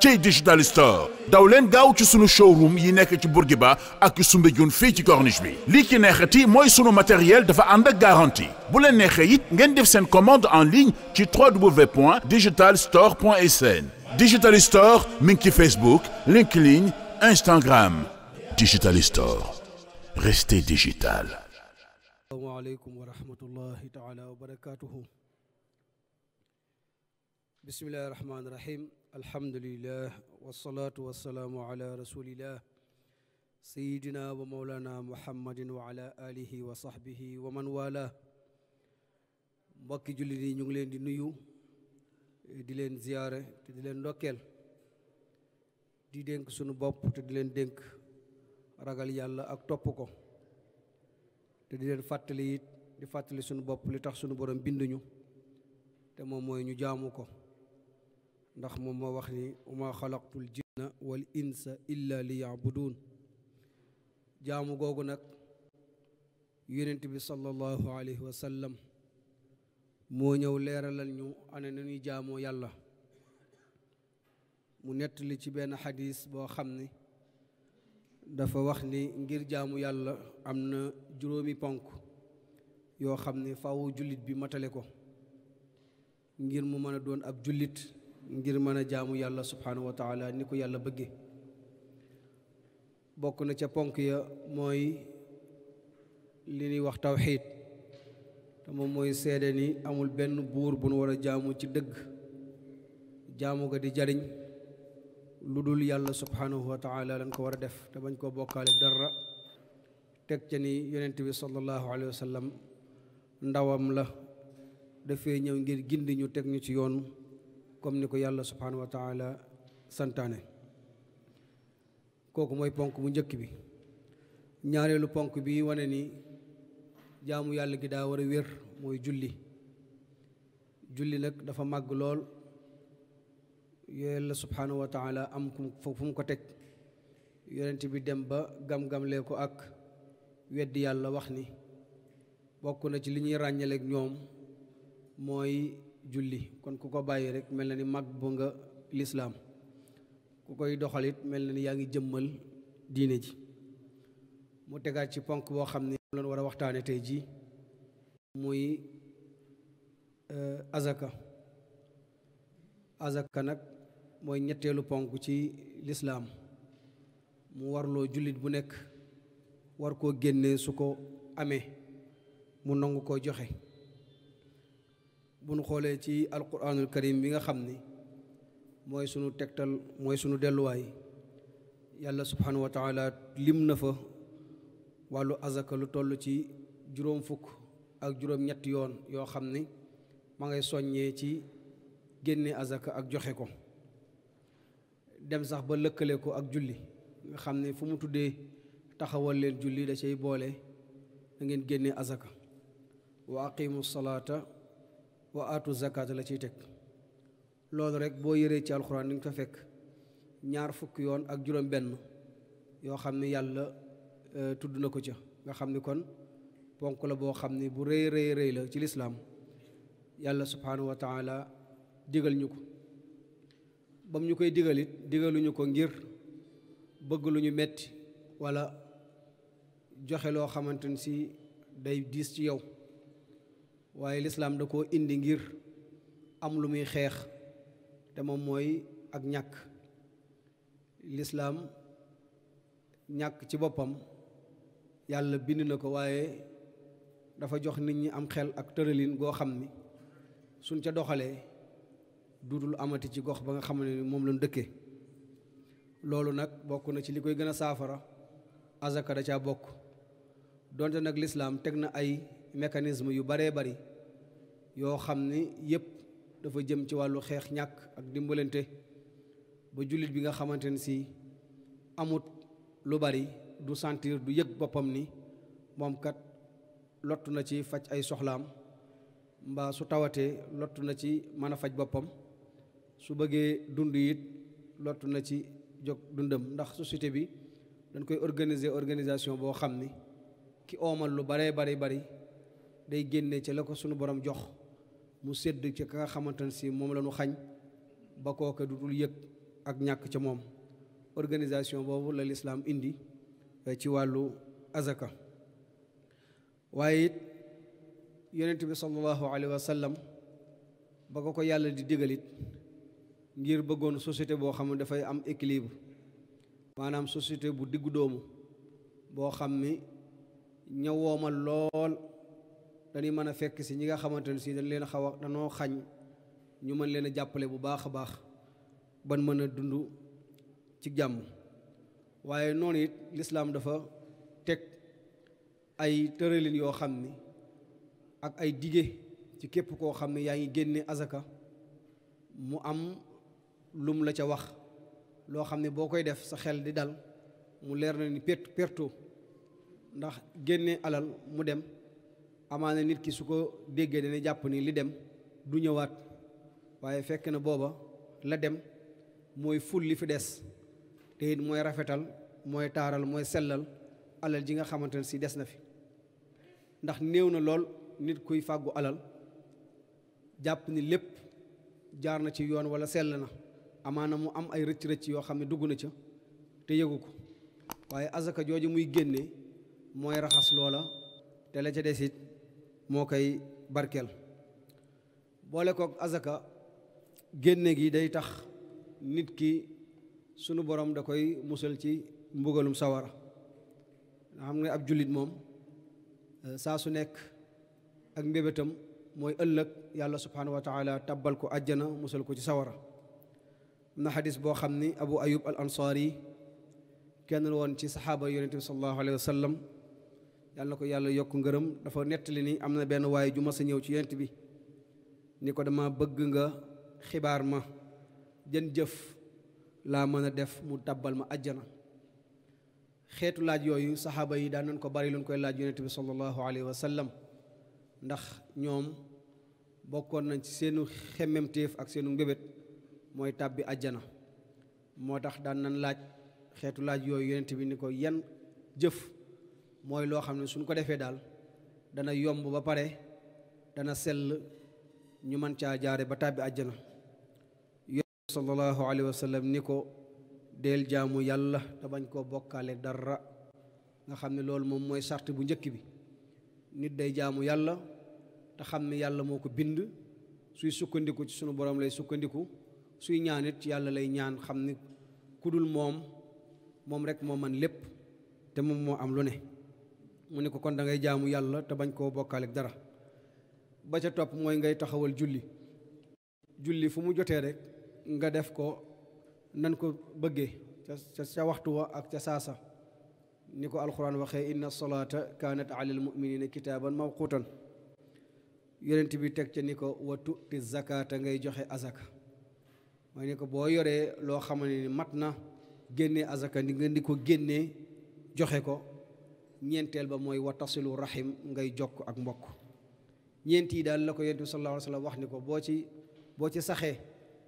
cey digital store daw leen gaaw ci sunu showroom yi nekk ci Bourguiba ak Soumbédioune fi ci corniche bi lii ci neexati mooy sunu matériel dafa ànd ak garantie bu leen neexee it ngeen def seen commande en ligne ci www.digitalstore.sn digital store mi ngi ci Facebook LinkedIn Instagram digital store restez digital. asalaamaaleykum wa rahmatullahi taala wa barakaatuhu. bismillahi alhamdulillah wasalaatu wasalaamu ala rasulillah sayidina wa maulana muhammadin wa ala wa sahbihi wa man wala mbokki jullit yi ñu ngi leen di nuyu di leen ziyaare te di leen ndokkeel di dénk sunu bopp te di leen dénk ragal yàlla ak topp ko te di leen fàttali di fàttali sunu bopp li tax sunu borom binduñu te moom mooy ñu jaamu ko ndax moom moo wax ni wama xalaqtul jinna wal insa illa li yaabuduun jaamu googu nag yonent bi sallallahu alayhi wa moo ñëw leeralal ñu ana na ñuy jaamoo yàlla mu nettali ci benn xadis boo xam ne dafa wax ni ngir jaamu yàlla am na juróomi ponk yoo xam ni faaw jullit bi matale ko ngir mu mën doon ab jullit ngir mën a jaamu yàlla subhaanahu wa taala ni ko yàlla bëgge bokk na ca ponk ya mooy li ñuy wax tawxiid te moom mooy seede ni amul benn buur bu nu war a jaamu ci dëgg jaamu ga di jariñ lu dul yàlla subhaanahu wa taala lañ ko war a def te bañ koo bokkaale dara teg ca ni yonent bi sallallahu alayhi wa sallam ndawam la dafee ñëw ngir gindi ñu teg ñu ci yoon comme ni ko yàlla subhanahu wa taala santaane kooku mooy ponk bu njëkk bi ñaareelu ponk bi wane ni jaamu yàlla gi daa war a wér mooy julli julli nag dafa màgg lool yàlla subhanahu wa taala am fu mu ko teg yonent bi dem ba gam-gamlee ko ak weddi yàlla wax ni bokk na ci li ñuy ràññaleeg ñoom mooy julli kon ku ko bàyyi rek mel na ni mag bu nga lislaam ku koy doxalit mel na ni yaa ngi jëmmal diine ji mu tegaat ci ponk boo xam ne loon war a waxtaane tey ji muy e, azaka azaka nag mooy ñetteelu ponk ci lislaam mu warloo jullit bu nekk war koo génne su ko amee mu nangu ko joxe bu nu xoolee ci alquranul karim bi nga xam ni mooy sunu tegtal mooy sunu delluwaay yàlla subhanahu wa taala lim na fa wàllu azaka lu toll ci juróom fukk ak juróom ñetti yoon yoo xam ni ma ngay soññee ci génne azaka ak joxe ko dem sax ba lëkkale ko ak julli nga xam ne fu mu tuddee taxawal leen julli da cay boole dangeen ngeen génne azaka wa aqimu salaata wa aatu zakaata la ciy teg loolu rek boo yéree ci alxuraan ni nga fa fekk ñaar fukki yoon ak juróom benn yoo xam ne yàlla e, tudd na ko ca nga xam ni kon ponk la boo xam ne bu rëy rëy rëy la ci lislaam yàlla subhaanahu wa taala digal ñu ko bam ñu koy digal digaluñu ko ngir bëgg lu ñu metti wala joxe loo xamante ni si day diis ci yow waaye lislaam da koo indi ngir am lu muy xeex te moom mooy ak ñàkk lislaam ñàkk ci boppam yàlla bind na ko waaye dafa jox nit ñi am xel ak tëralin goo xam ni suñ ca doxalee duudul amati ci gox ba nga xam ne moom lañ dëkkee loolu nag bokk na ci li koy gën a saafara azaka da caa bokk donte nag lislaam teg na ay mécanisme yu baree bari yoo xam ni yëpp dafa jëm ci wàllu xeex ñàkk ak dimbalante ba jullit bi nga xamante ne si amut lu bari du sentir du yëg boppam ni moom kat lottu na ci faj ay soxlaam mbaa su tawatee lottu na ci mën a faj boppam su bëggee dund it lottu na ci jóg dundam ndax société bi dañ koy organiser organisation boo xam ni ki oomal lu baree bari bari day génne ci la ko sunu borom jox mu sedd ci ka nga xamante si moom la xañ ba kooka du dul yëg ak ñàkk ca moom organisation boobu la lislaam indi eh, ci wàllu azaka waaye it yonent bi sallallahu alayhi wa sallam ba ko ko yàlla di digalit ngir bëggoon société boo xam dafay am équilibre maanaam société bu diggu doomu boo xam ni ña lool dañuy mën a fekk si ñi nga xamante ne si dañ leen xaw a danoo xañ ñu mën leen a jàppale bu baax a baax ban mën a dund ci jàmm waaye noonu it lislaam dafa teg ay tëralin yoo xam ni ak ay dige ci képp koo xam ne yaa ngi génne azaka mu am lum la ca wax loo xam ne boo koy def sa xel di dal mu leer na ni perto ndax génne alal mu dem amaana nit ki su ko déggee dana jàpp ni li dem du ñëwaat waaye fekk na booba la dem mooy ful li fi des te it mooy rafetal mooy taaral mooy sellal alal ji nga xamante ne si des na fi ndax néew na lool nit kuy fàggu alal jàpp ni lépp jaar na ci yoon wala sell na amaana mu am ay rëcc-rëcc yoo xam ne dugg na ca te yëgu ko waaye azaka jooju muy génne mooy raxas loola te la ca des it moo koy barkeel boole kook azaka génne gi day tax nit ki sunu boroom da koy musal ci mbugalum sawara nga xam ab jullit moom euh, saa su nekk ak mbébétam mooy ëllëg yàlla subhanahu wa taala ko àjjana musal ko ci sawara am na xadis boo xam ni abu ayub al ansaari kenn la woon ci saxaaba yonente bi sallallahu alayhi wa yàlla na ko yàlla yokk ngërëm dafa nettali ni am na benn waaye ju mas a ñëw ci yent bi ni ko dama bëgg nga xibaar ma jën jëf laa mën a def mu tàbbal ma ajjana xeetu laaj yooyu saxaaba yi daan nañ ko bari luñ koy laaj yonent bi sallallahu alayhi wa sallam ndax ñoom bokkoon nañ ci seenu xemmemtéef ak seenu mbébét mooy tàbbi ajjana moo tax daan nañ laaj xeetu laaj yooyu yonent bi ni ko yan jëf mooy loo xam ne suñ ko defee daal dana yomb ba pare dana sell ñu mën caa jaare ba tàbbi àjjana yonent sallallahu alayhi wa sallam ni ko deel jaamu yàlla te bañ koo bokkaale dara nga xam ne loolu moom mooy sart bu njëkk bi nit day jaamu yàlla te xam ne yàlla moo ko bind suy sukkandiku ci sunu borom lay sukkandiku suy ñaan it yàlla lay ñaan xam ni kudul moom moom rek moo man lépp te moom moo am lu ne mu ne ko kon da ngay jaamu yàlla te bañ koo bokkaaleeg dara ba ca topp mooy ngay taxawal julli julli fu mu jotee rek nga def ko nan ko bëggee ca ca waxtu wa ak ca saasa ni ko alxuraan waxee inna salaata kaanat alal muminina kitaaban mawquutan yonent bi teg ca ni ko wa tuti zakata ngay joxe azaka mooy ni ko boo yoree loo xamane ni mat na génne azaka ni nga di ko génnee joxe ko ñeenteel ba mooy watasilu rahim ngay jokk ak mbokk ñeent yi daal la ko yonent bi sallallahu wax ni ko boo ci boo ci saxee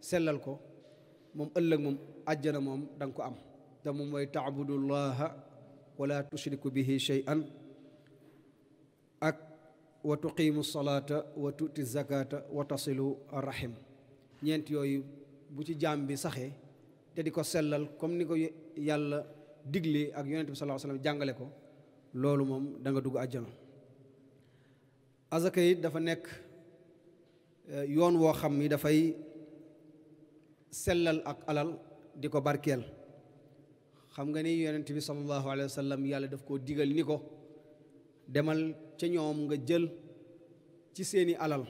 sellal ko moom ëllëg moom àjjana moom da nga ko am te moom mooy taabudullaha wala tushriku bihi shay'an ak wa tuqimu salaata wa tuuti zakata wa tasilu rahim ñeent yooyu bu ci jaam bi saxee te di ko sellal comme ni ko yàlla digle ak yonent bi sallallahu alayhi jàngale ko loolu moom danga dugg àjjana azaka yi dafa nekk eh, yoon woo xam ni dafay sellal ak alal di ko barkeel xam nga ni yonent bi sallallahu alayhi wa yàlla daf koo diggal ni ko demal ca ñoom nga jël ci seeni alal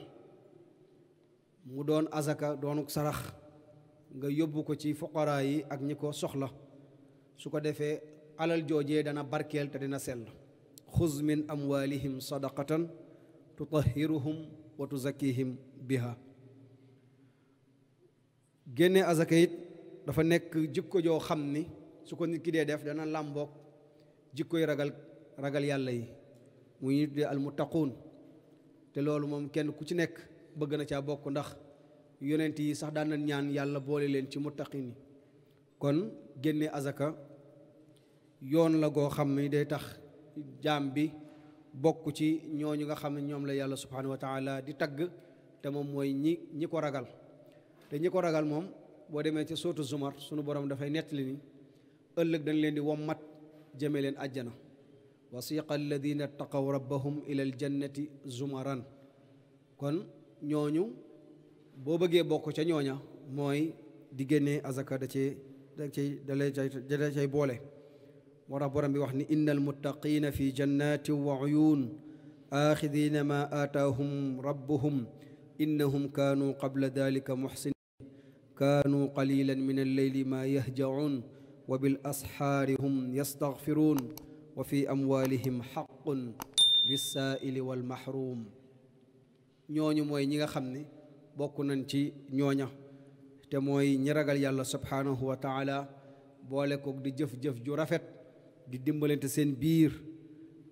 mu doon azaka doonu sarax nga yóbbu ko ci foqara yi ak ñi ko soxla su ko defee alal joojee dana barkeel te dina sell xuz min amwalihim sadaqatan tutahiruhum wa tuzakkihim biha génne azaka it dafa nekk jikko joo xam ni su ko nit ki dee def dana làmbook jikkoy ragal ragal yàlla yi muy nit dee almuttaquun te loolu moom kenn ku ci nekk bëgg na caa bokk ndax yonent yi sax daan ñaan yàlla boole leen ci muttaqin yi kon génne azaka yoon la goo xam ni day tax jaam bi bokk ci ñooñu nga xam ne ñoom la yàlla subhanahu wa taala di tagg te moom mooy ñi ñi ko ragal te ñi ko ragal moom boo demee ci sootu zumar sunu borom dafay nettali ni ëllëg dañ leen di wommat jëme leen àjjana wasiqa alladina taqaw rabbahum ila aljannati zumaran kon ñooñu boo bëggee bokk ca ñooña mooy di génne azaka da cee da cey da lay cay boole moo tax borom bi wax ni inna almuttaqiina fi jannatin wa uyuun aaxidiina maa aataahum rabbuhum innahum kaanuu qabla dalika muxsinin kaanuu qalilan min alleyli maa yahjacuun wa bil asxaari hum yastaxfiruun wa fi amwaalihim xaqun lissaa'ili walmahruum ñooñu mooy ñi nga xam ne bokk nañ ci ñooña te mooy ñi ragal yàlla subhaanahu wa taala boole koog di jëf-jëf ju rafet di dimbalante seen biir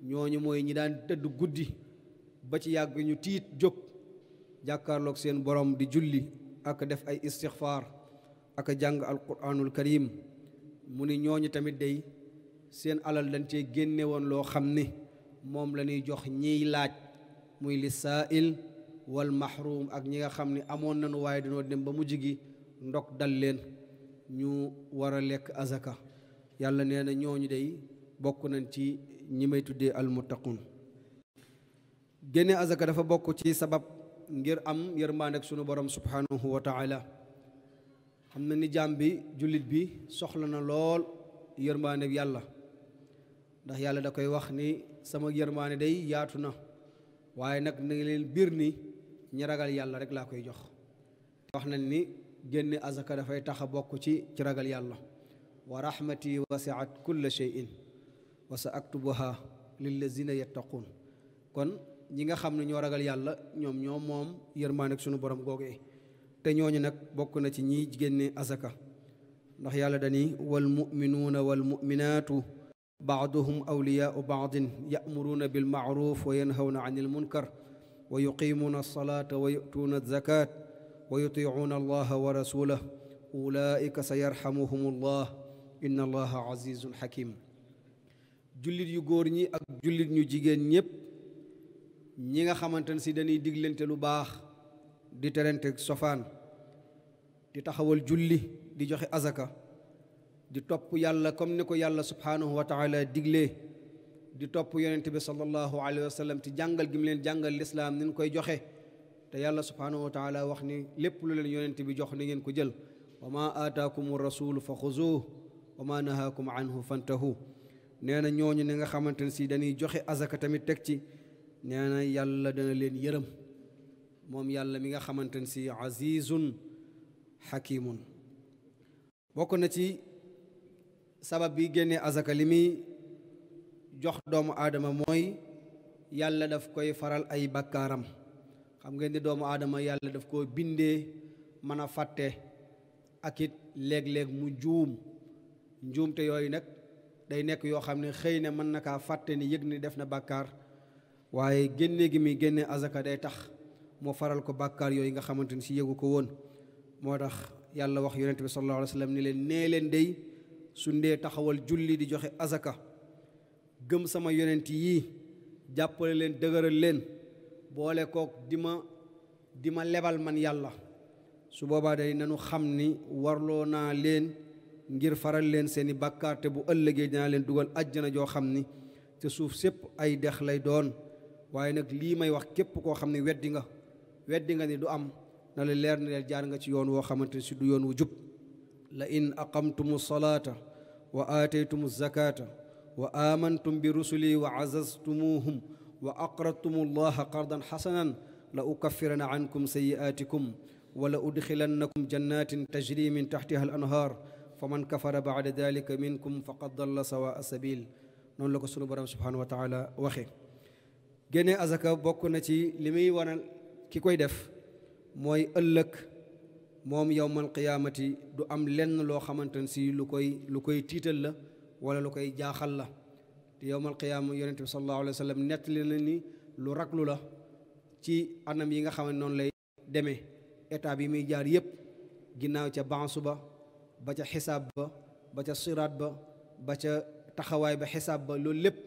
ñooñu mooy ñi daan tëdd guddi ba ci yàgg ñu tiit jóg jàkkaarloog seen borom di julli ak def ay istixfaar ak jàng alquranul karim mu ni ñooñu tamit day seen alal dañ cee génnewoon loo xam ni moom la ñuy jox ñiy laaj muy li saail wal mahrum ak ñi nga xam ni amoon nañu waaye dañoo dem ba mu gi ndok dal leen ñu war a lekk azaka yàlla nee na ñooñu day bokk nañ ci ñi may tuddee almuttaqun génne azaka dafa bokk ci sabab ngir am yërmaande ak sunu borom subhanahu wa taala xam na ni jaam bi jullit bi soxla na lool yërmaande yàlla ndax yàlla da koy wax ni sama yërmaande day yaatu na waaye nag na leen biir ni ragal yàlla rek laa koy jox wax nañ ni génne azaka dafay tax bokk ci ci ragal yàlla wa rahmati wasiat kulla shay'in wa sa aktubuha lillazina kon ñi nga xam ne ñoo ragal yàlla ñoom ñoo moom yërmaan suñu sunu borom googee te ñooñu nag bokk na ci ñiy génne azaka ndax yàlla dani wal muminuuna wal muminaatu baaduhum awliyaau baadin yamuruuna bil an il munkar wa yuqimuuna alsalaata wa yutuuna alzakat wa yutiicuuna wa rasulah ulaika sa yarxamuhum allah inna allaha azizun hakim jullit yu góor ñi ak jullit ñu jigéen ñépp ñi nga xamante ne si dañuy diglante lu baax di terante sofaan di taxawal julli di joxe azaka di topp yàlla comme ni ko yàlla subhaanahu wa taala diglee di topp yonent bi sallallahu alayhi wa sallam jàngal gim leen jàngal lislaam ni ñu koy joxe te yàlla subhaanahu wa taala wax ni lépp lu leen yonent bi jox ni ngeen ko jël wa ma aataakumu rasuulu fa xuzuuhu wa ma nahaakum anhu fantahu nee na ñooñu ne nga xamante ne si dañuy joxe azaka tamit teg ci nee na yàlla dana leen yërëm moom yàlla mi nga xamante ne si azizun xakimun bokk na ci sabab bi génnee azaka li muy jox doomu aadama mooy yàlla daf koy faral ay bakkaaram xam nga ni doomu aadama yàlla daf koo bindee mën a fàtte ak it léeg-léeg mu juum njuumte yooyu nag day nekk yoo xam ne xëy na mën na kaa fàtte ni yëg ni def na bàkkaar waaye génne gi muy génne azaka day tax moo faral ko bàkkaar yooyu nga xamante ni si yëgu ko woon moo tax yàlla wax yonent bi sallallahu ni leen nee leen day su ndee taxawal julli di joxe azaka gëm sama yonent yii jàppale leen dëgëral leen boole kook di ma di ma lebal man yàlla su boobaa day nanu xam ni warloo naa leen ngir faral leen seeni bàkkaar te bu ëllëgee dinaa leen dugal àjjana joo xam ni te suuf sépp ay dex lay doon waaye nag lii may wax képp koo xam ne weddi nga weddi nga ni du am na la leer na leen jaar nga ci yoon woo xamante ne si du yoon wu jub la in aqamtumu salaata wa aataytumu zakaata wa amantum bi rusuli wa azaztumuhum wa aqradtumu allaha qardan xasanan la ukaffiranna ankum sayi'aatikum wa la udxilannakum jannatin tajri min taxtiha al anhaar fa man kafara baada dalika minkum faqad dalla sawa sabil noonu la ko sunu borom subhanahu wa taala waxe génne azaka bokk na ci li muy wanal ki koy def mooy ëllëg moom yowmal qiyaamati du am lenn loo xamante ne si lu koy lu koy tiital la wala lu koy jaaxal la te yowmal qiyaama yonente bi sallallahu alayhi wa sallam nettali na ni lu raglu la ci anam yi nga xam noonu lay demee état bi muy jaar yépp ginnaaw ca bansu ba ba ca xisaab ba ba ca siraat ba ba ca taxawaay ba xisaab ba loolu lépp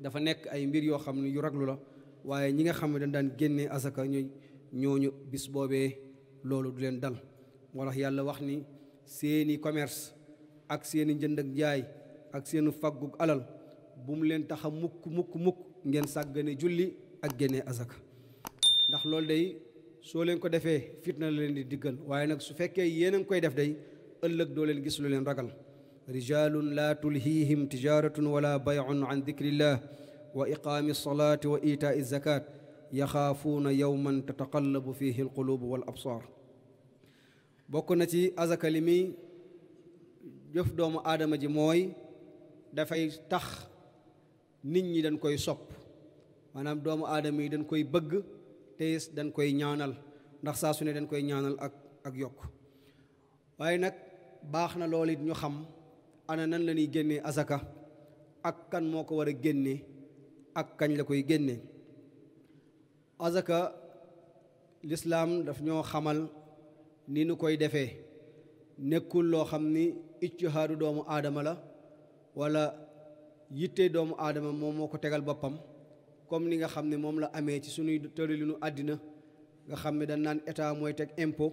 dafa nekk ay mbir yoo xam ne yu raglu la waaye ñi nga xam ne dañ daan génnee asaka ñuy ñooñu bis boobee loolu du leen dal moo tax yàlla wax ni seeni commerce ak seeni njënd ak jaay ak seeni faggu alal bu mu leen taxa mukk mukk mukk ngeen sàggane julli ak génnee asaka ndax loolu day soo leen ko defee fitna la leen di diggal waaye nag su fekkee yéen a ngi koy def day ëllëg doo leen gis lu leen ragal rijalun la tulhihim tijaratun wala bayun an dikrillah wa iqaami salaati wa itaai zakat yaxaafuuna yowman tataqallabu fihi alqulubu wal absaar bokk na ci azaka li mi jëf doomu aadama ji mooy dafay tax nit ñi dañ koy sopp maanaam doomu aadama yi dañ koy bëgg te dañ koy ñaanal ndax saa su ne dañ koy ñaanal ak ak yokk waaye nag baax na lool it ñu xam ana nan la ñuy génnee asaka ak kan moo ko war a génnee ak kañ la koy génne asaka lislaam daf ñoo xamal ni nu koy defee nekkul loo xam ni ijtihaadu doomu aadama la wala yitte doomu aadama moom moo ko tegal boppam comme ni nga xam ne moom la amee ci suñuy tëralinu àddina nga xam ne dañ naan état mooy teg impôt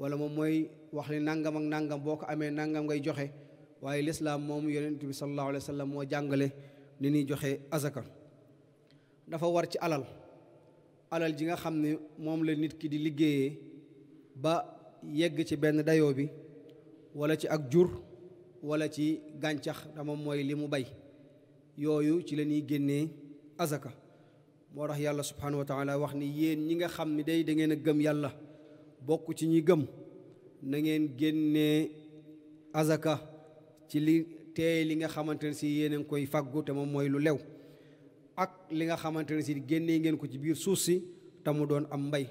wala moom mooy wax ni nangam ak nangam boo ko amee nangam ngay joxe waaye lislaam moom yonent bi sallallahu alayhi wa moo jàngale ni ñuy joxe azaka dafa war ci alal alal ji nga xam ne moom la nit ki di liggéeyee ba yegg ci benn dayo bi wala ci ak jur wala ci gàncax dama mooy li mu bay yooyu ci la ñuy génnee azaka moo tax yàlla subhanahu wa wax ni yéen ñi nga xam ni day dangeen a gëm yàlla bokk ci ñi gëm na ngeen génnee azaka ci li teey li nga xamante ne si yéen a ngi koy faggu te moom mooy lu lew ak li nga xamante ne si génne ngeen ko ci biir suuf si te mu doon am mbay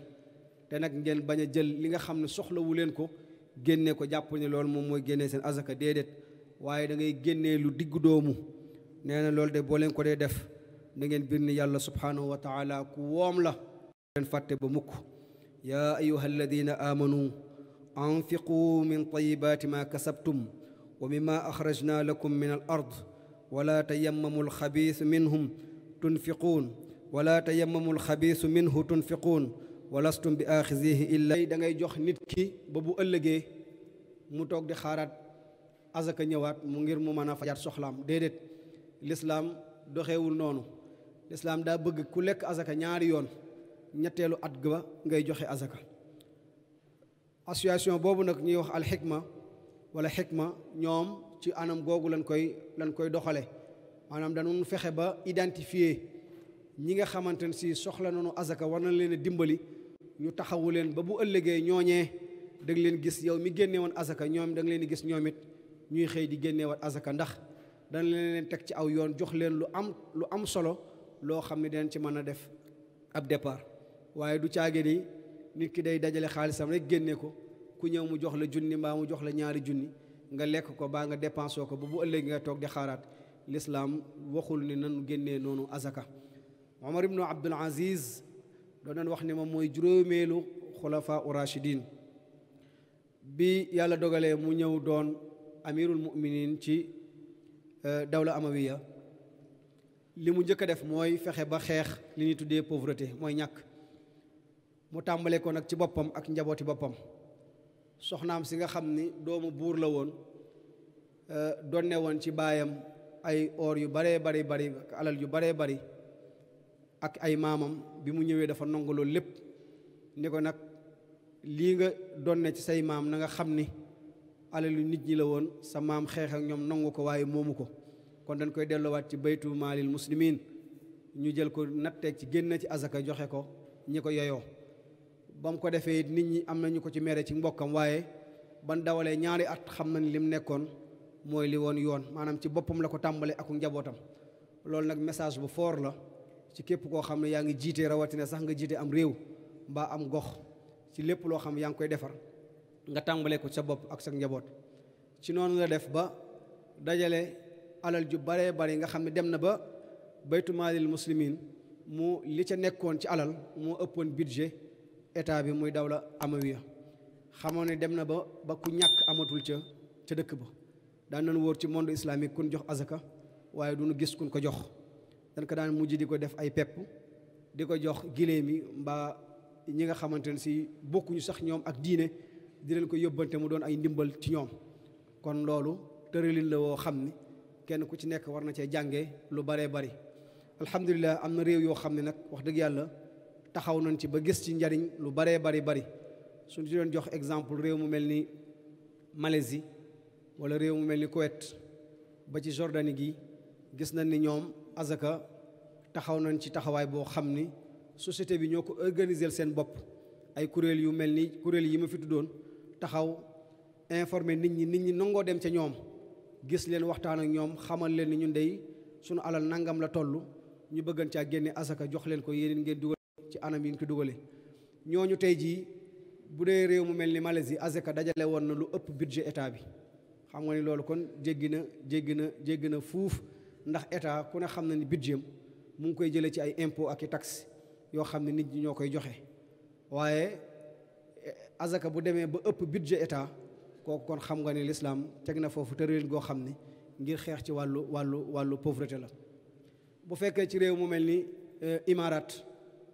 te nag ngeen bañ a jël li nga xam ne soxlawu leen ko génne ko jàpp ne loolu moom mooy génnee seen azaka déedéet waaye da ngay génnee lu diggu doomu nee na loolu de boo leen ko dee def da ngeen bir ni yàlla subhanahu wa taala ku woom la leen fàtte ba mukk yaa ayuha alladina amanu anfiquu min tayibaati maa kasabtum wa mima axrajna lakum min al ard wala tayamamu alxabiisu minhum tunfiquun wala tayamamu alxabiisu minhu tunfiquun walastum bi aaxizihi illa da ngay jox nit ki ba bu ëllëgee mu toog di xaaraat azaka ñëwaat mu ngir mu mën a fajaat soxlaam déedéet lislaam doxewul noonu lislaam daa bëgg ku lekk azaka ñaari yoon ñetteelu at ga ngay joxe azaka association boobu nag ñuy wax alxikma wala xikma ñoom ci anam googu lañ koy lañ koy doxale maanaam dañu fexe ba identifier ñi nga xamante ne si soxla nañu azaka war nañ leen dimbali ñu taxawu leen ba bu ëllëgee ñooñee da leen gis yow mi génne woon azaka ñoom da nga leen di gis ñoomit ñuy xëy di génne woon azaka ndax dañ leen teg ci aw yoon jox leen lu am lu am solo loo xam ne dinañ ci mën a def ab départ waaye du caage di nit ki day dajale xaalisam rek génne ko ku ñëw mu jox la junni mbaa mu jox la ñaari junni nga lekk ko baa nga dépensé ko ba mu ëllëg nga togg di xaaraat lislaam waxul ni nan génnee noonu azaka omar ibnu abdul aziz doonoon wax ni moom mooy juróomeelu xulafa u rachidin bi yàlla dogalee mu ñëw doon amirul muminin ci e, dawla amawiya li mu njëkk a def mooy fexe ba xeex li ñuy tuddee pauvreté mooy ñàkk mu tàmbale ko nag ci boppam ak njabooti boppam soxnaam si nga xam ni doomu buur la woon euh, doon ne woon ci baayam ay or yu baree bari bari ak yu baree bari ak ay maamam bi mu ñëwee dafa nangu loolu lépp ni ko nag lii nga doon donne ci say maam na nga xam ni yu nit ñi la woon sa maam xeex ak ñoom nangu ko waaye moomu ko kon dañ koy delluwaat ci baytu maalil muslimin ñu jël ko natteeg ci génn ci azaka joxe ko ñi ko yoyoo ba mu ko defee nit ñi am nañu ko ci mere ci mbokkam waaye ban dawalee ñaari at xam nañ lim nekkoon mooy li woon yoon maanaam ci boppam la ko tàmbalee ak njabootam loolu nag message bu foor la ci képp koo xam ne yaa ngi jiite rawatina sax nga jiite am réew mbaa am gox ci lépp loo xam yaa ngi koy defar nga tàmbalee ko sa bopp ak sa njaboot ci noonu la def ba dajale alal ju baree bari nga xam ne dem na ba baytu maalil muslimin mu li ca nekkoon ci alal moo ëppoon budget état bi muy daw la dawla amawiya xamoon ne dem na ba ba ku ñàkk amatul ca ca dëkk ba daan nañ wóor ci monde islamique kun jox azaka waaye du ñu gis kun ko jox dañ ko daan mujj di ko def ay pepp di ko jox giléem yi mbaa ñi nga xamante ne si bokkuñu sax ñoom ak diine di leen ko yóbbante mu doon ay ndimbal ci ñoom kon loolu tëralin la woo xam ni kenn ku ci nekk war na cee jànge lu baree bari alhamdulilah am na réew yoo xam ne nag wax dëgg yàlla taxaw nañ ci ba gis ci njariñ lu baree bari bari suñu ci doon jox exemple réew mu mel ni Malaisie wala réew mu mel ni Kuwait ba ci Jordanie gi gis nañ ni ñoom azaka taxaw nañ ci taxawaay boo xam ni société bi ñoo ko organiser seen bopp ay kuréel yu mel ni kuréel yi ma fi tuddoon taxaw informer nit ñi nit ñi nangoo dem ca ñoom gis leen waxtaan ak ñoom xamal leen ni ñun dey suñu alal nangam la toll ñu bëggan caa génne asaka jox leen ko yéen ngeen ci anam yi ñu ko dugale ñooñu tey jii bu dee réew mu mel ni Malaisie azeka dajale woon na lu ëpp budget état bi xam nga ni loolu kon jéggi na jéggi na jéggi na fuuf ndax état ku ne xam na ni budget mu ngi koy jëlee ci ay impôt ak yi taxe yoo xam ne nit ñi ñoo koy joxe waaye eh, azaka bu demee ba ëpp budget état kooku kon xam nga ni lislaam teg na foofu tëralin goo xam ni ngir xeex ci wàllu wàllu wàllu pauvreté la bu fekkee ci réew mu mel ni eh, imaaraat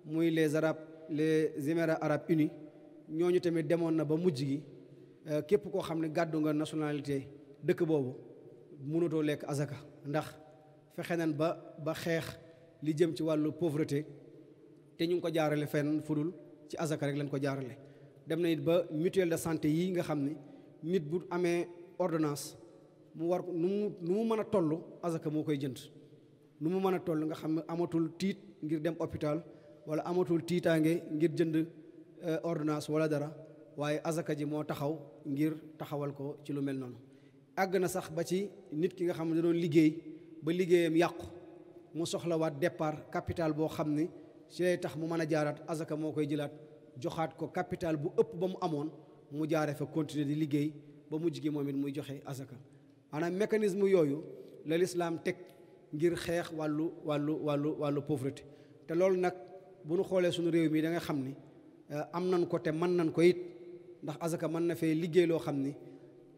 muy les arabes les émirats arabes unis ñooñu tamit demoon na ba mujj gi euh, képp koo xam ne gàddu nga nationalité dëkk boobu mënatoo lekk azaka ndax fexe nañ ba ba xeex li jëm ci wàllu pauvreté te ñu ngi ko jaarale fen fudul ci azaka rek lañ ko jaarale dem na it ba mutuel de santé yi nga xam ni nit bu amee ordonnance mu war nu mu nu mu mën a toll azaka moo koy jënd nu mu mën a toll nga xam ne amatul tiit ngir dem hôpital wala amatul tiitaange ngir jënd euh, ordonnance wala dara waaye azaka ji moo taxaw ngir taxawal ko ci lu mel noonu àgg na sax ba ci nit ki nga xam ne da liggéey ba liggéeyam yàqu mu soxlawaat départ capital boo xam ni ci lay tax mu mën a jaaraat azaka moo koy jëlaat joxaat ko capital bu ëpp ba mu amoon mu jaaree fa continuer di liggéey ba mu gi moom it muy joxe azaka maanaam mécanisme yooyu la lislaam teg ngir xeex wàllu wàllu wàllu wàllu pauvreté bu nu xoolee suñu réew mii da xam ni eh, am nan ko te mën nan ko yit ndax azaka mën na fee liggéey loo xam ni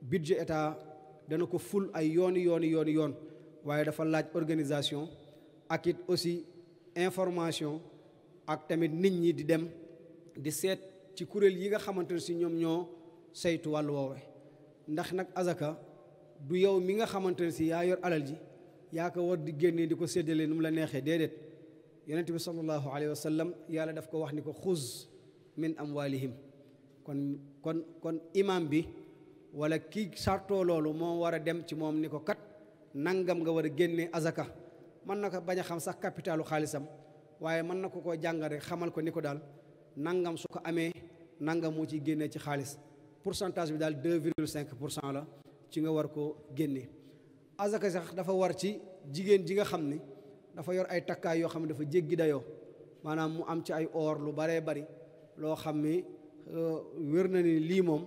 budget état dana ko ful ay yooni yooni yooni yoon waaye dafa laaj organisation ak it aussi information ak tamit nit ñi di dem di seet ci kuréel yi nga xamante ne si ñoom ñoo saytu wàllu woowe ndax nag azaka du yow mi nga xamante ne si yaa yor alal ji yaa ko war di génnee di ko séddalee nu mu la neexee déedéet yonent bi sallallahu alayhi wa sallam yàlla daf ko wax ni ko xuz min amwalihim kon kon kon imam bi wala kii sarto loolu moo war a dem ci moom ni ko kat nangam nga war a génne azaka mën na ko bañ a xam sax capitalu xaalisam waaye mën na ko ko jàngal xamal ko ni ko daal nangam su ko amee nangam moo ci génnee ci xaalis pourcentage bi daal deux virgule cinq pour cent la ci nga war koo génne azaka sax dafa war ci jigéen ji nga xam ni dafa yor ay takkaay yoo xam ne dafa jéggi dayoo maanaam mu am ci ay or lu baree bari loo xam ni euh, wér na ni lii moom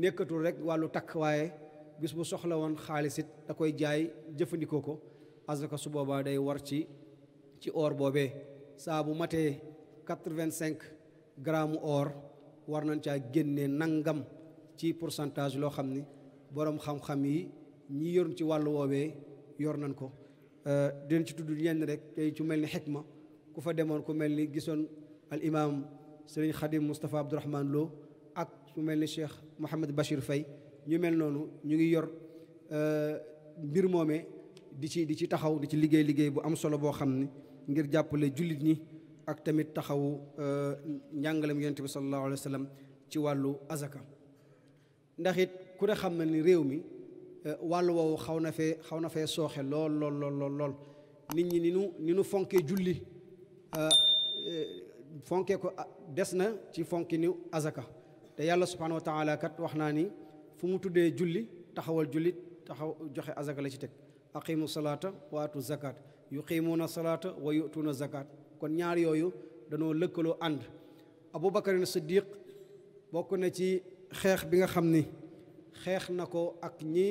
nekkatul rekk wàllu takk waaye bis mu soxla woon xaalis it da koy jaay jëfandikoo ko asaka su boobaa day war ci ci or boobee saa bu matee quatre-vingt-cinq gramu or war nañ caa génne nangam ci pourcentage loo xam ni boroom xam-xam yi ñi yor ci wàllu woobee yor nañ ko Euh, dinañ ci tudd ñenn rek tey ci mel ni xikma ku fa demoon ku mel ni gisoon al imam sëriñ xadim Moustapha Abdourahman Lo ak ku mel ni Cheikh Mouhamed Bachir Faye ñu mel noonu ñu ngi yor euh, mbir moomee di ci di ci taxaw di ci liggéey liggéey bu am solo boo xam ne ngir jàppale jullit ñi ak tamit taxawu euh, njàngalem yonent bi sallallahu alayhi wa ci wàllu azaka ndax it ku ne xam na ni réew mi Eh, wàll woowu xaw na fee xaw na fee sooxe lool lool lool lool nit ñi ni nu ni nu fonkee julli eh, eh, fonkee ko ah, des na ci fonki ni azaka te yàlla subhanahu wa kat wax naa ni fu mu tuddee julli taxawal julli taxaw joxe azaka la ci teg aqimu salaata wa yu zakat na salaata wa yutuuna zakat kon ñaar yooyu dañoo lëkkaloo ànd abubakarin siddiq bokk na ci xeex bi nga xam ni xeex na ko ak ñi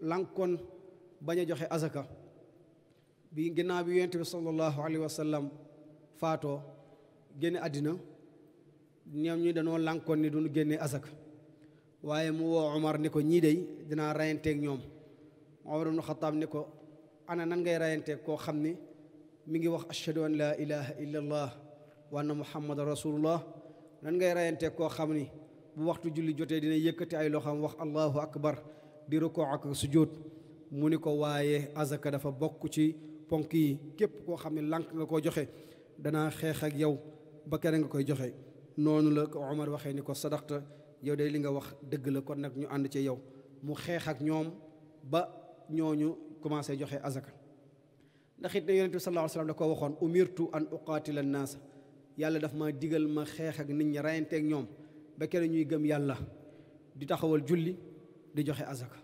lànkoon bañ a joxe azaka bii ginnaaw bi yonent bi sallallahu alayhi wa faatoo génne àddina ñoom ñi dañoo lànkoon ni du génne azaka waaye mu woo Omar ni ko ñii dey dinaa rayanteeg ñoom Omar ibnu Xataab ni ko ana nan ngay rayanteeg koo xam ni mu ngi wax ashhadu an laa ilaha illa allah wa anna muhammadan rasulullah nan ngay rayanteeg koo xam ni bu waxtu julli jotee dina yëkkati ay loxam wax allahu akbar di rukkoo ak sujjóot mu ni ko waaye azaka dafa bokk ci ponk yi képp koo xam ne lank nga koo joxe danaa xeex ak yow ba keneen nga koy joxe noonu la ko waxee ni ko sadaqta yow day li nga wax dëgg la kon nag ñu ànd ci yow mu xeex ak ñoom ba ñu commencé joxe azaka ndax it ne yonent bi da ko waxoon umirtu an uqaatila naasa yàlla daf ma digal ma xeex ak nit ñi rayanteeg ñoom ba kere ñuy gëm yàlla di taxawal julli di joxe azaka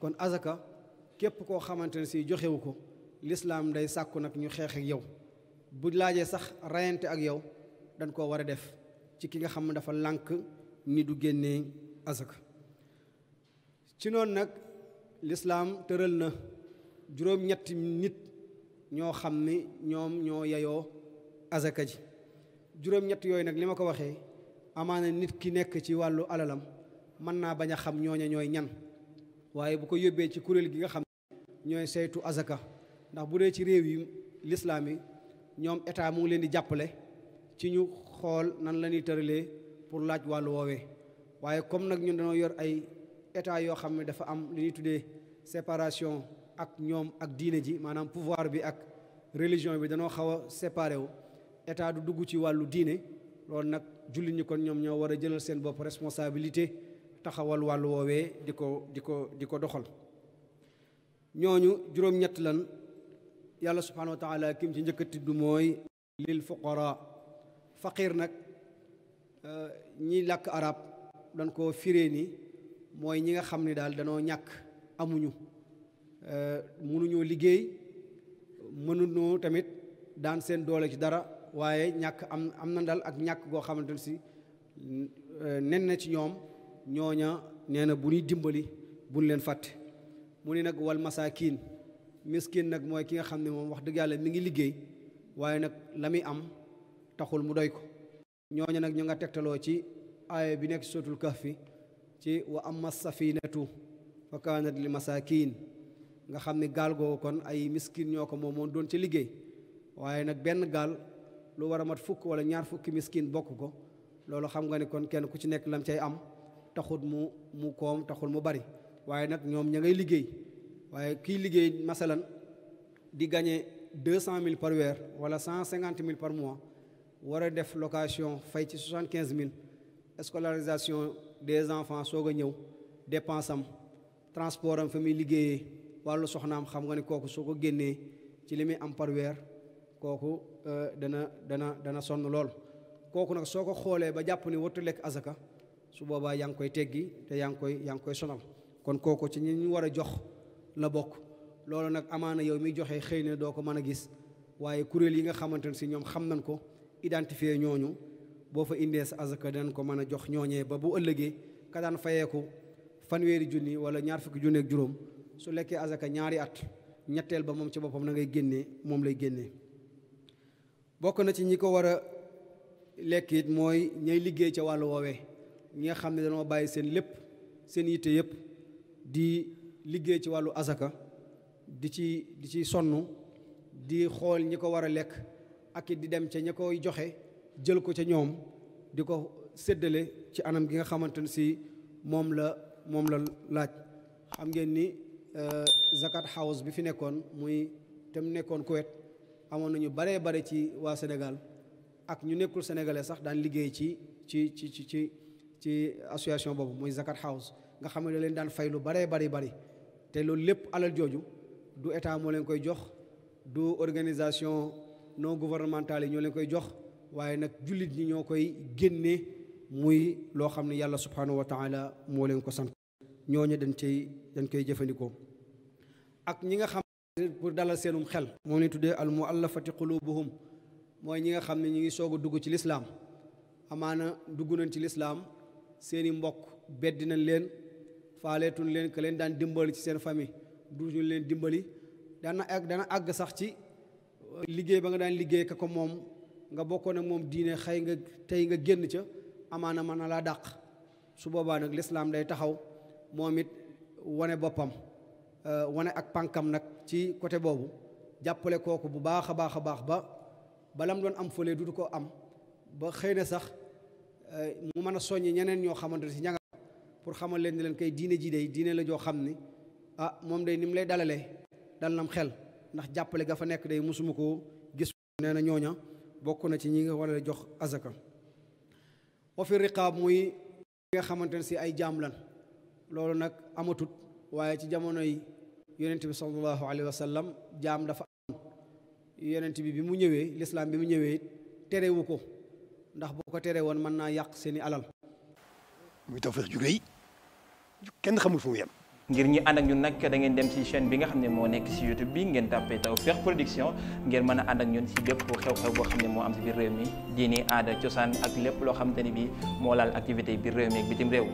kon azaka képp koo xamante ne si joxewu ko lislaam day sàkku nag ñu xeex ak yow bu laajee sax rayante ak yow dañ koo war a def ci ki nga xam ne dafa lànk ni du génnee azaka ci noonu nag lislaam tëral na juróom nit ñoo xam ni ñoom ñoo yayoo azaka ji juróom-ñett yooyu nag li ma ko waxee amaana nit ki nekk ci wàllu alalam mën naa bañ a xam ñooñe ñooy ñan waaye bu ko yóbbee ci kuréel gi nga xam ñooy saytu azaka ndax bu dee ci réew yi lislaam yi ñoom état mu ngi leen di jàppale ci ñu xool nan la tëralee pour laaj wàllu woowee waaye comme nag ñun dañoo yor ay état yoo xam ne dafa am li ñuy tuddee séparation ak ñoom ak diine ji maanaam pouvoir bi ak religion bi danoo xaw a séparé wu état du dugg ci wàllu diine loolu nag jullit ñi kon ñoom ñoo war a jëlal seen bopp responsabilité taxawal wàllu woowee di ko di ko di ko doxal ñooñu juróom-ñett lan yàlla subhanahu wa taala ci njëkk a tudd mooy lil fuqara faqir nag euh, ñi làkk arab dañ ko firee ni mooy ñi nga xam ni daal danoo ñàkk amuñu euh, mënuñoo liggéey mënuñoo tamit daan seen doole ci dara waaye ñàkk am am na dal ak ñàkk goo xamante ne si nen na ci ñoom ñooña nee na bu ñuy dimbali bu ñu leen fàtte mu ne nag wal masaakiin miskin nag mooy ki nga xam ne moom wax dëgg yàlla mi ngi liggéey waaye nag la muy am taxul mu doy ko ñooña nag ñu nga tegtaloo ci aaya bi nekk sootul fi ci wa amma safinatu fa kaanat li masaakiin nga xam ne gaal googu kon ay miskin ñoo ko moomoon doon ci liggéey waaye nag benn gaal lu war a mat fukk wala ñaar fukki miskin bokk ko loolu xam nga ni kon kenn ku ci nekk lam cay am taxul mu mu koom taxul mu bari waaye nag ñoom ña ngay liggéey waaye kii liggéey masalan di gagné deux cent mille par weer wala cent cinquante mille par mois war a def location fay ci soixante quinze mille scolarisation des enfants soog a ñëw dépense am transport am fa muy liggéeyee wàllu soxnaam xam nga ni kooku soo ko génnee ci li muy am par weer kooku euh, dana dana dana sonn lool kooku nag soo ko xoolee ba jàpp ne wattu lekk azaka su boobaa yaa ngi koy teggi te yaa ngi koy yaa ngi koy sonal kon kooku ci ñi ñu war a jox la bokk loolu nag amaana yow miy joxe xëy na doo ko mën a gis waaye kuréel yi nga xamante ne si ñoom xam nañ ko identifier ñooñu boo fa indee sa azaka dinañ ko mën a jox ñooñee ba bu ëllëgee ka daan ko fanweeri junni wala ñaar fukki junni ak juróom su lekkee azaka ñaari at ñetteel ba moom ci boppam na ngay génnee moom lay génnee bokk na ci ñi ko war a lekk it mooy ñay liggéey ca wàllu woowee ñi nga xam ne dañoo bàyyi seen lépp seen yitte yëpp di liggéey ci wàllu asaka di ci di ci sonn di xool ñi ko war a lekk ak it di dem ca ña koy joxe jël ko ca ñoom di ko séddale ci anam gi nga xamante ne si moom la moom la laaj xam ngeen ni euh, zakat house bi fi nekkoon muy te mu nekkoon Kuwait amoon nañu baree bare ci waa Sénégal ak ñu nekkul sénégalais sax daan liggéey ci ci ci ci ci ci association boobu muy Zakat House nga xam ne da leen daan fay lu baree bari bari te loolu lépp alal jooju du état moo leen koy jox du organisation non gouvernementale yi ñoo leen koy jox waaye nag jullit ñi ñoo koy génne muy loo xam ne yàlla subhanahu wa taala moo leen ko sant ñooñu dañ cey dañ koy jëfandikoo ak ñi nga xam pour dalal seenum xel moom ni tuddee al mu muallafati qulubuhum mooy ñi nga xam ne ñu ngi soog dugg ci lislaam amaana dugg nañ ci lislaam seeni mbokk beddi nañ leen faaleetun leen que leen daan dimbali ci seen famille duñu leen dimbali dana àgg dana àgg sax ci uh, liggéey ba nga daan liggéey ka ko moom nga bokkoon ak moom diine xëy nga tey nga génn ca amaana mën na laa dàq su boobaa nag lislaam day taxaw moom it wane boppam Euh, wane ak pànkam nag ci côté boobu jàppale kooku bu baax a baax a baax ba balam doon am fële du du ko am ba xëy na sax euh, mu mën a soññi ñeneen ñoo xamante ne si ñanga pour xamal leen ni leen kay diine ji la joo xam ni ah moom day ni mu lay dalalee dal nam xel ndax jàppale ga fa nekk day mosuma koo gis nee na ñooña bokk na ci ñi nga war a jox azaka wa fi riqaab muy nga xamante ne si ay jaam lan loolu nag amatut waaye ci jamono yi yonent bi sallallahu alayhi wa sallam jaam dafa am bi bi mu ñëwee lislaam bi mu ñëwee terewu ko ndax boo ko teree woon mën naa yàq seeni alal. muy Tawfekh ju rëy kenn xamul fu mu yem. ngir ñi ànd ak ñun nag da ngeen dem ci chaîne bi nga xam ne moo nekk ci YouTube bi ngeen tàppee Tawfekh Production ngeen mën a ànd ak ñun ci bépp xew-xew boo xam ne moo am ci biir réew mi diini aada cosaan ak lépp loo xamante ni bi moo laal activité biir réew mi ak bitim réew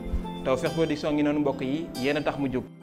Tawfekh Production ngi mbokk yi yéen a tax mu jóg.